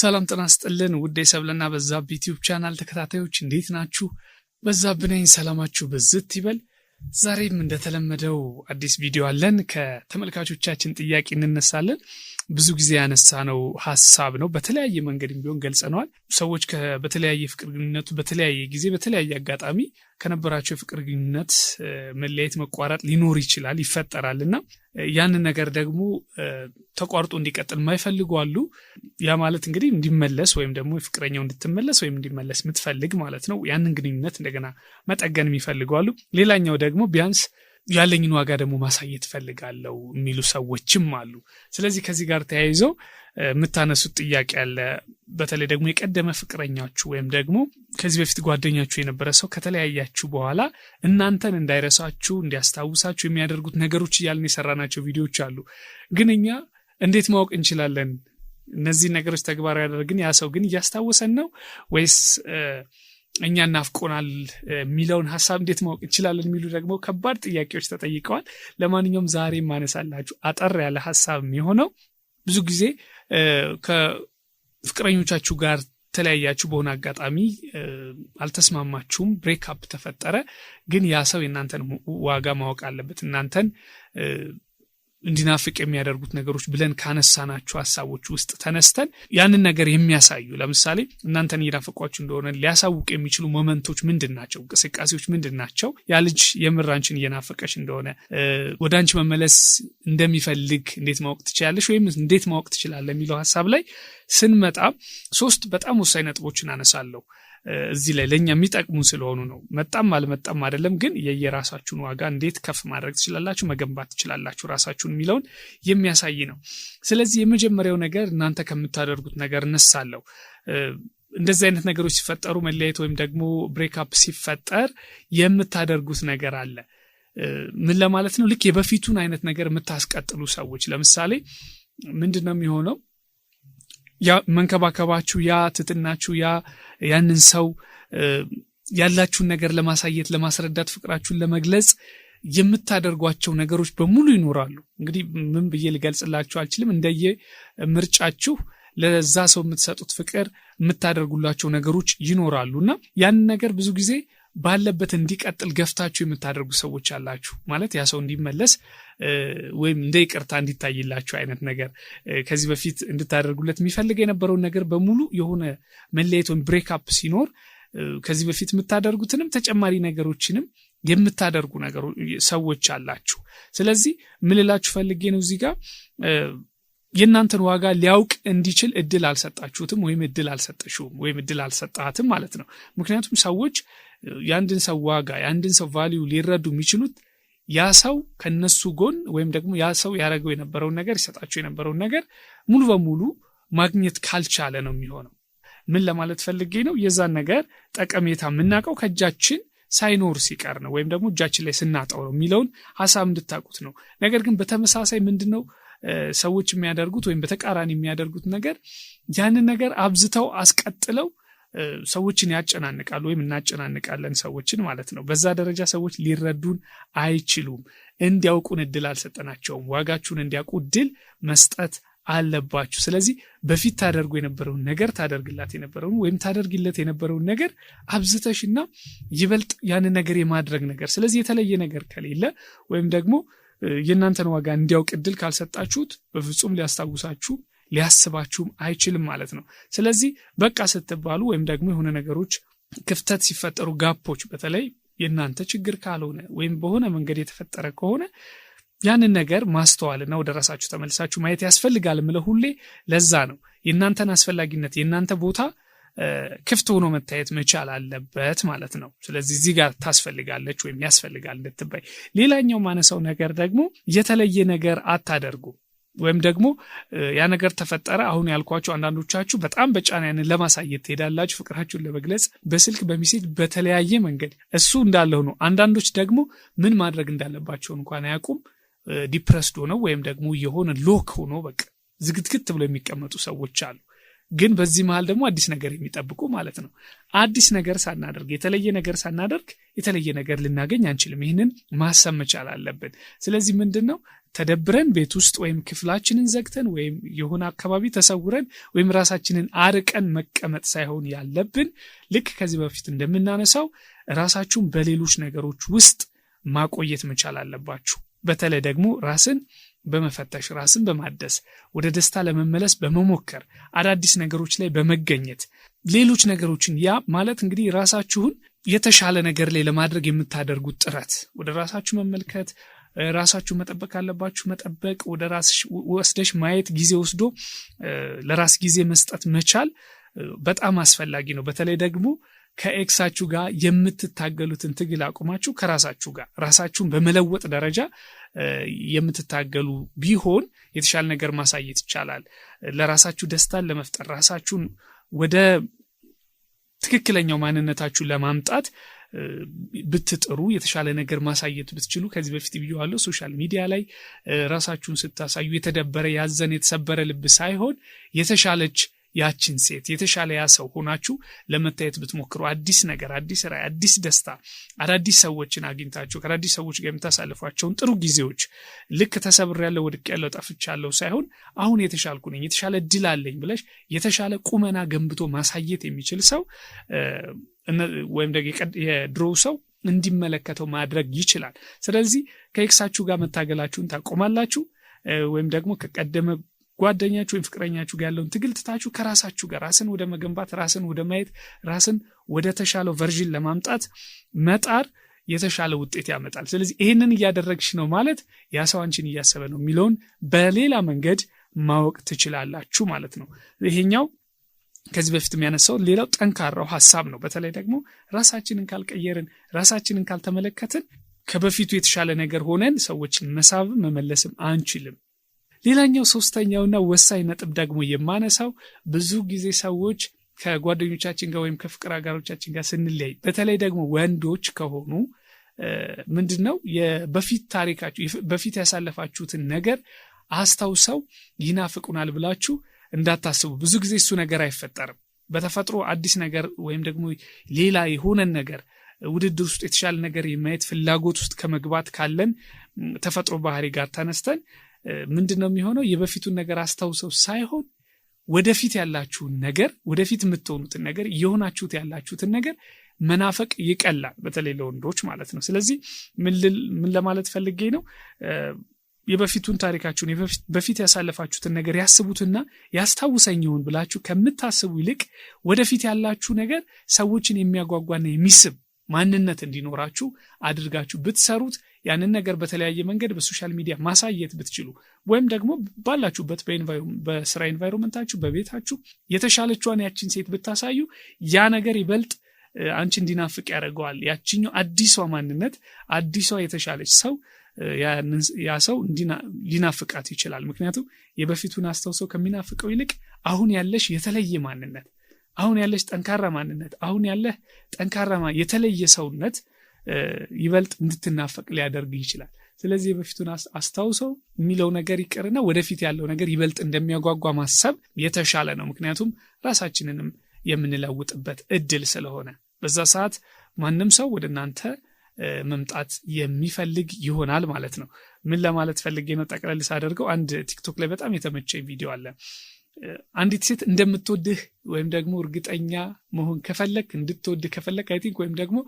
ሰላም ጥና ስጥልን ውዴ የሰብለና በዛ ዩቲዩብ ቻናል ተከታታዮች እንዴት ናችሁ? በዛ ነኝ። ሰላማችሁ ብዝት ይበል። ዛሬም እንደተለመደው አዲስ ቪዲዮ አለን። ከተመልካቾቻችን ጥያቄ እንነሳለን። ብዙ ጊዜ ያነሳ ነው ሀሳብ ነው። በተለያየ መንገድ ቢሆን ገልጸነዋል። ሰዎች በተለያየ ፍቅር ግንኙነቱ በተለያየ ጊዜ በተለያየ አጋጣሚ ከነበራቸው የፍቅር ግንኙነት መለያየት፣ መቋረጥ ሊኖር ይችላል ይፈጠራል እና ያንን ነገር ደግሞ ተቋርጦ እንዲቀጥል የማይፈልጉ አሉ። ያ ማለት እንግዲህ እንዲመለስ ወይም ደግሞ ፍቅረኛው እንድትመለስ ወይም እንዲመለስ የምትፈልግ ማለት ነው። ያንን ግንኙነት እንደገና መጠገን የሚፈልጉ አሉ። ሌላኛው ደግሞ ቢያንስ ያለኝን ዋጋ ደግሞ ማሳየት ፈልጋለው የሚሉ ሰዎችም አሉ። ስለዚህ ከዚህ ጋር ተያይዞ የምታነሱት ጥያቄ አለ። በተለይ ደግሞ የቀደመ ፍቅረኛችሁ ወይም ደግሞ ከዚህ በፊት ጓደኛችሁ የነበረ ሰው ከተለያያችሁ በኋላ እናንተን እንዳይረሳችሁ እንዲያስታውሳችሁ የሚያደርጉት ነገሮች እያልን የሰራናቸው ቪዲዮዎች አሉ። ግን እኛ እንዴት ማወቅ እንችላለን? እነዚህ ነገሮች ተግባራዊ ያደረግን ያ ሰው ግን እያስታወሰን ነው ወይስ እኛ እናፍቆናል የሚለውን ሀሳብ እንዴት ማወቅ እንችላለን? የሚሉ ደግሞ ከባድ ጥያቄዎች ተጠይቀዋል። ለማንኛውም ዛሬ ማነሳላችሁ አጠር ያለ ሀሳብ የሚሆነው ብዙ ጊዜ ከፍቅረኞቻችሁ ጋር ተለያያችሁ፣ በሆነ አጋጣሚ አልተስማማችሁም፣ ብሬክአፕ ተፈጠረ። ግን ያ ሰው የእናንተን ዋጋ ማወቅ አለበት እናንተን እንዲናፍቅ የሚያደርጉት ነገሮች ብለን ካነሳናቸው ሀሳቦች ውስጥ ተነስተን ያንን ነገር የሚያሳዩ ለምሳሌ እናንተን እየናፈቋችሁ እንደሆነ ሊያሳውቅ የሚችሉ ሞመንቶች ምንድን ናቸው? እንቅስቃሴዎች ምንድን ናቸው? ያ ልጅ የምር አንቺን እየናፈቀች እንደሆነ ወደ አንቺ መመለስ እንደሚፈልግ እንዴት ማወቅ ትችላለች ወይም እንዴት ማወቅ ትችላለ? የሚለው ሀሳብ ላይ ስንመጣ ሶስት በጣም ወሳኝ ነጥቦችን አነሳለሁ። እዚህ ላይ ለእኛ የሚጠቅሙ ስለሆኑ ነው። መጣም አልመጣም አይደለም፣ ግን የየራሳችሁን ዋጋ እንዴት ከፍ ማድረግ ትችላላችሁ፣ መገንባት ትችላላችሁ ራሳችሁን የሚለውን የሚያሳይ ነው። ስለዚህ የመጀመሪያው ነገር እናንተ ከምታደርጉት ነገር እነሳለሁ እንደዚህ አይነት ነገሮች ሲፈጠሩ መለያየት ወይም ደግሞ ብሬክፕ ሲፈጠር የምታደርጉት ነገር አለ። ምን ለማለት ነው? ልክ የበፊቱን አይነት ነገር የምታስቀጥሉ ሰዎች ለምሳሌ ምንድን ነው የሚሆነው? መንከባከባችሁ፣ ያ ትትናችሁ፣ ያ ያንን ሰው ያላችሁን ነገር ለማሳየት ለማስረዳት፣ ፍቅራችሁን ለመግለጽ የምታደርጓቸው ነገሮች በሙሉ ይኖራሉ። እንግዲህ ምን ብዬ ልገልጽላችሁ አልችልም። እንደየ ምርጫችሁ ለዛ ሰው የምትሰጡት ፍቅር የምታደርጉላቸው ነገሮች ይኖራሉ እና ያንን ነገር ብዙ ጊዜ ባለበት እንዲቀጥል ገፍታችሁ የምታደርጉ ሰዎች አላችሁ። ማለት ያ ሰው እንዲመለስ ወይም እንደ ይቅርታ እንዲታይላችሁ አይነት ነገር ከዚህ በፊት እንድታደርጉለት የሚፈልግ የነበረውን ነገር በሙሉ የሆነ መለየት ወይም ብሬክፕ ሲኖር ከዚህ በፊት የምታደርጉትንም ተጨማሪ ነገሮችንም የምታደርጉ ሰዎች አላችሁ። ስለዚህ ምልላችሁ ፈልጌ ነው እዚህ ጋር የእናንተን ዋጋ ሊያውቅ እንዲችል እድል አልሰጣችሁትም ወይም እድል አልሰጠሽውም ወይም እድል አልሰጣትም ማለት ነው። ምክንያቱም ሰዎች የአንድን ሰው ዋጋ የአንድን ሰው ቫሊዩ ሊረዱ የሚችሉት ያ ሰው ከነሱ ጎን ወይም ደግሞ ያ ሰው ያደረገው የነበረውን ነገር ይሰጣቸው የነበረውን ነገር ሙሉ በሙሉ ማግኘት ካልቻለ ነው የሚሆነው። ምን ለማለት ፈልጌ ነው? የዛን ነገር ጠቀሜታ የምናውቀው ከእጃችን ሳይኖር ሲቀር ነው ወይም ደግሞ እጃችን ላይ ስናጣው ነው የሚለውን ሀሳብ እንድታቁት ነው። ነገር ግን በተመሳሳይ ምንድን ነው ሰዎች የሚያደርጉት ወይም በተቃራኒ የሚያደርጉት ነገር ያንን ነገር አብዝተው አስቀጥለው ሰዎችን ያጨናንቃል ወይም እናጨናንቃለን ሰዎችን ማለት ነው። በዛ ደረጃ ሰዎች ሊረዱን አይችሉም። እንዲያውቁን እድል አልሰጠናቸውም። ዋጋችሁን እንዲያውቁ እድል መስጠት አለባችሁ። ስለዚህ በፊት ታደርጉ የነበረውን ነገር ታደርግላት የነበረውን ወይም ታደርግለት የነበረውን ነገር አብዝተሽና ይበልጥ ያንን ነገር የማድረግ ነገር ስለዚህ የተለየ ነገር ከሌለ ወይም ደግሞ የእናንተን ዋጋ እንዲያውቅ እድል ካልሰጣችሁት በፍጹም ሊያስታውሳችሁ ሊያስባችሁም አይችልም ማለት ነው። ስለዚህ በቃ ስትባሉ ወይም ደግሞ የሆነ ነገሮች ክፍተት ሲፈጠሩ ጋፖች፣ በተለይ የእናንተ ችግር ካልሆነ ወይም በሆነ መንገድ የተፈጠረ ከሆነ ያንን ነገር ማስተዋልና ወደ ራሳችሁ ተመልሳችሁ ማየት ያስፈልጋል ምለ ሁሌ ለዛ ነው። የእናንተን አስፈላጊነት የእናንተ ቦታ ክፍት ሆኖ መታየት መቻል አለበት ማለት ነው። ስለዚህ እዚህ ጋር ታስፈልጋለች ወይም ያስፈልጋል ልትባይ። ሌላኛው ማነሳው ነገር ደግሞ የተለየ ነገር አታደርጉ ወይም ደግሞ ያ ነገር ተፈጠረ። አሁን ያልኳችሁ አንዳንዶቻችሁ በጣም በጫና ያንን ለማሳየት ትሄዳላችሁ፣ ፍቅራችሁን ለመግለጽ በስልክ በሚሴጅ በተለያየ መንገድ። እሱ እንዳለ ሆኖ አንዳንዶች ደግሞ ምን ማድረግ እንዳለባቸው እንኳን አያውቁም። ዲፕረስድ ሆነው ወይም ደግሞ የሆነ ሎክ ሆኖ በቃ ዝግትግት ብሎ የሚቀመጡ ሰዎች አሉ። ግን በዚህ መሀል ደግሞ አዲስ ነገር የሚጠብቁ ማለት ነው። አዲስ ነገር ሳናደርግ የተለየ ነገር ሳናደርግ የተለየ ነገር ልናገኝ አንችልም። ይህንን ማሰብ መቻል አለብን። ስለዚህ ምንድን ነው ተደብረን ቤት ውስጥ ወይም ክፍላችንን ዘግተን ወይም የሆነ አካባቢ ተሰውረን ወይም ራሳችንን አርቀን መቀመጥ ሳይሆን ያለብን ልክ ከዚህ በፊት እንደምናነሳው ራሳችሁን በሌሎች ነገሮች ውስጥ ማቆየት መቻል አለባችሁ። በተለይ ደግሞ ራስን በመፈተሽ ራስን በማደስ ወደ ደስታ ለመመለስ በመሞከር አዳዲስ ነገሮች ላይ በመገኘት ሌሎች ነገሮችን ያ ማለት እንግዲህ ራሳችሁን የተሻለ ነገር ላይ ለማድረግ የምታደርጉት ጥረት ወደ ራሳችሁ መመልከት ራሳችሁ መጠበቅ ያለባችሁ መጠበቅ፣ ወደ ራስ ወስደሽ ማየት፣ ጊዜ ወስዶ ለራስ ጊዜ መስጠት መቻል በጣም አስፈላጊ ነው። በተለይ ደግሞ ከኤክሳችሁ ጋር የምትታገሉትን ትግል አቁማችሁ ከራሳችሁ ጋር ራሳችሁን በመለወጥ ደረጃ የምትታገሉ ቢሆን የተሻለ ነገር ማሳየት ይቻላል። ለራሳችሁ ደስታን ለመፍጠር ራሳችሁን ወደ ትክክለኛው ማንነታችሁን ለማምጣት ብትጥሩ የተሻለ ነገር ማሳየት ብትችሉ፣ ከዚህ በፊት ብየዋለሁ። ሶሻል ሚዲያ ላይ ራሳችሁን ስታሳዩ የተደበረ ያዘን የተሰበረ ልብ ሳይሆን የተሻለች ያችን ሴት የተሻለ ያ ሰው ሆናችሁ ለመታየት ብትሞክሩ አዲስ ነገር፣ አዲስ ራይ አዲስ ደስታ፣ አዳዲስ ሰዎችን አግኝታችሁ ከአዳዲስ ሰዎች ጋር የምታሳልፏቸውን ጥሩ ጊዜዎች ልክ ተሰብር ያለው ያለው ጠፍቻ ያለው ሳይሆን አሁን የተሻልኩ ነኝ፣ የተሻለ ድል አለኝ ብለሽ የተሻለ ቁመና ገንብቶ ማሳየት የሚችል ሰው ወይም የድሮው ሰው እንዲመለከተው ማድረግ ይችላል። ስለዚህ ከኤክሳችሁ ጋር መታገላችሁን ታቆማላችሁ ወይም ደግሞ ከቀደመ ጓደኛችሁ ወይም ፍቅረኛችሁ ጋር ያለውን ትግል ትታችሁ ከራሳችሁ ጋር ራስን ወደ መገንባት፣ ራስን ወደ ማየት፣ ራስን ወደ ተሻለው ቨርዥን ለማምጣት መጣር የተሻለ ውጤት ያመጣል። ስለዚህ ይህንን እያደረግሽ ነው ማለት ያ ሰው አንቺን እያሰበ ነው የሚለውን በሌላ መንገድ ማወቅ ትችላላችሁ ማለት ነው። ይሄኛው ከዚህ በፊት የሚያነሳው ሌላው ጠንካራው ሀሳብ ነው። በተለይ ደግሞ ራሳችንን ካልቀየርን፣ ራሳችንን ካልተመለከትን ከበፊቱ የተሻለ ነገር ሆነን ሰዎችን መሳብም መመለስም አንችልም። ሌላኛው ሶስተኛውና ወሳኝ ነጥብ ደግሞ የማነሳው ብዙ ጊዜ ሰዎች ከጓደኞቻችን ጋር ወይም ከፍቅር አጋሮቻችን ጋር ስንለያይ በተለይ ደግሞ ወንዶች ከሆኑ ምንድን ነው በፊት ታሪካችሁ በፊት ያሳለፋችሁትን ነገር አስታውሰው ይናፍቁናል ብላችሁ እንዳታስቡ። ብዙ ጊዜ እሱ ነገር አይፈጠርም። በተፈጥሮ አዲስ ነገር ወይም ደግሞ ሌላ የሆነን ነገር ውድድር ውስጥ የተሻለ ነገር የማየት ፍላጎት ውስጥ ከመግባት ካለን ተፈጥሮ ባህሪ ጋር ተነስተን ምንድን ነው የሚሆነው? የበፊቱን ነገር አስታውሰው ሳይሆን ወደፊት ያላችሁን ነገር ወደፊት የምትሆኑትን ነገር እየሆናችሁት ያላችሁትን ነገር መናፈቅ ይቀላል፣ በተለይ ለወንዶች ማለት ነው። ስለዚህ ምን ለማለት ፈልጌ ነው? የበፊቱን ታሪካችሁን በፊት ያሳለፋችሁትን ነገር ያስቡትና ያስታውሰኝ ይሆን ብላችሁ ከምታስቡ ይልቅ ወደፊት ያላችሁ ነገር ሰዎችን የሚያጓጓና የሚስብ ማንነት እንዲኖራችሁ አድርጋችሁ ብትሰሩት ያንን ነገር በተለያየ መንገድ በሶሻል ሚዲያ ማሳየት ብትችሉ ወይም ደግሞ ባላችሁበት በስራ ኤንቫይሮንመንታችሁ በቤታችሁ የተሻለችዋን ያችን ሴት ብታሳዩ ያ ነገር ይበልጥ አንቺ እንዲናፍቅ ያደርገዋል። ያችኛው አዲሷ ማንነት አዲሷ የተሻለች ሰው ያ ሰው ሊናፍቃት ይችላል። ምክንያቱም የበፊቱን አስተውሰው ከሚናፍቀው ይልቅ አሁን ያለሽ የተለየ ማንነት አሁን ያለች ጠንካራ ማንነት፣ አሁን ያለ ጠንካራ የተለየ ሰውነት ይበልጥ እንድትናፈቅ ሊያደርግ ይችላል። ስለዚህ የበፊቱን አስታውሰው የሚለው ነገር ይቅርና ወደፊት ያለው ነገር ይበልጥ እንደሚያጓጓ ማሰብ የተሻለ ነው። ምክንያቱም ራሳችንንም የምንለውጥበት እድል ስለሆነ በዛ ሰዓት ማንም ሰው ወደ እናንተ መምጣት የሚፈልግ ይሆናል ማለት ነው። ምን ለማለት ፈልጌ ነው ጠቅለል አንድ ቲክቶክ ላይ በጣም የተመቸኝ ቪዲዮ አለ። አንዲት ሴት እንደምትወድህ ወይም ደግሞ እርግጠኛ መሆን ከፈለግ እንድትወድህ ከፈለግ አይ ቲንክ ወይም ደግሞ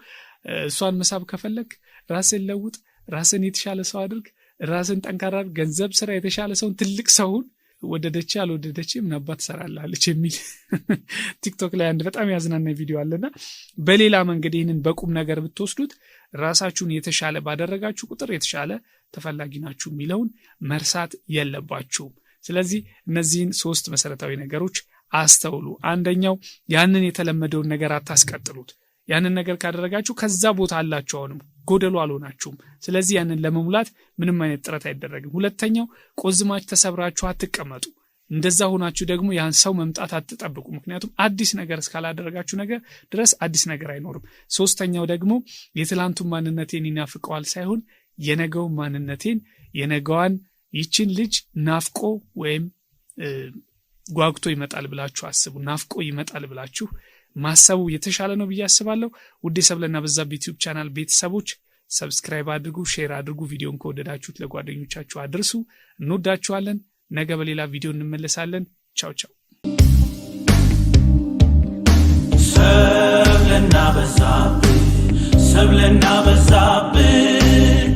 እሷን መሳብ ከፈለግ ራስን ለውጥ፣ ራስን የተሻለ ሰው አድርግ፣ ራስን ጠንካራ ገንዘብ ስራ፣ የተሻለ ሰውን፣ ትልቅ ሰውን ወደደች አልወደደች ምናባ ትሰራላለች የሚል ቲክቶክ ላይ አንድ በጣም ያዝናና ቪዲዮ አለና በሌላ መንገድ ይህንን በቁም ነገር ብትወስዱት ራሳችሁን የተሻለ ባደረጋችሁ ቁጥር የተሻለ ተፈላጊ ናችሁ የሚለውን መርሳት የለባችሁም። ስለዚህ እነዚህን ሶስት መሰረታዊ ነገሮች አስተውሉ። አንደኛው ያንን የተለመደውን ነገር አታስቀጥሉት። ያንን ነገር ካደረጋችሁ ከዛ ቦታ አላችሁ፣ አሁንም ጎደሉ አልሆናችሁም። ስለዚህ ያንን ለመሙላት ምንም አይነት ጥረት አይደረግም። ሁለተኛው ቆዝማች ተሰብራችሁ አትቀመጡ። እንደዛ ሆናችሁ ደግሞ ያን ሰው መምጣት አትጠብቁ። ምክንያቱም አዲስ ነገር እስካላደረጋችሁ ነገር ድረስ አዲስ ነገር አይኖርም። ሶስተኛው ደግሞ የትላንቱን ማንነቴን ይናፍቀዋል ሳይሆን የነገውን ማንነቴን የነገዋን ይችን ልጅ ናፍቆ ወይም ጓጉቶ ይመጣል ብላችሁ አስቡ። ናፍቆ ይመጣል ብላችሁ ማሰቡ የተሻለ ነው ብዬ አስባለሁ። ውዴ ሰብለና በዛ ዩቲዩብ ቻናል ቤተሰቦች ሰብስክራይብ አድርጉ፣ ሼር አድርጉ። ቪዲዮን ከወደዳችሁት ለጓደኞቻችሁ አድርሱ። እንወዳችኋለን። ነገ በሌላ ቪዲዮ እንመለሳለን። ቻው ቻው። ሰብለና በዛብ ሰብለና በዛብህ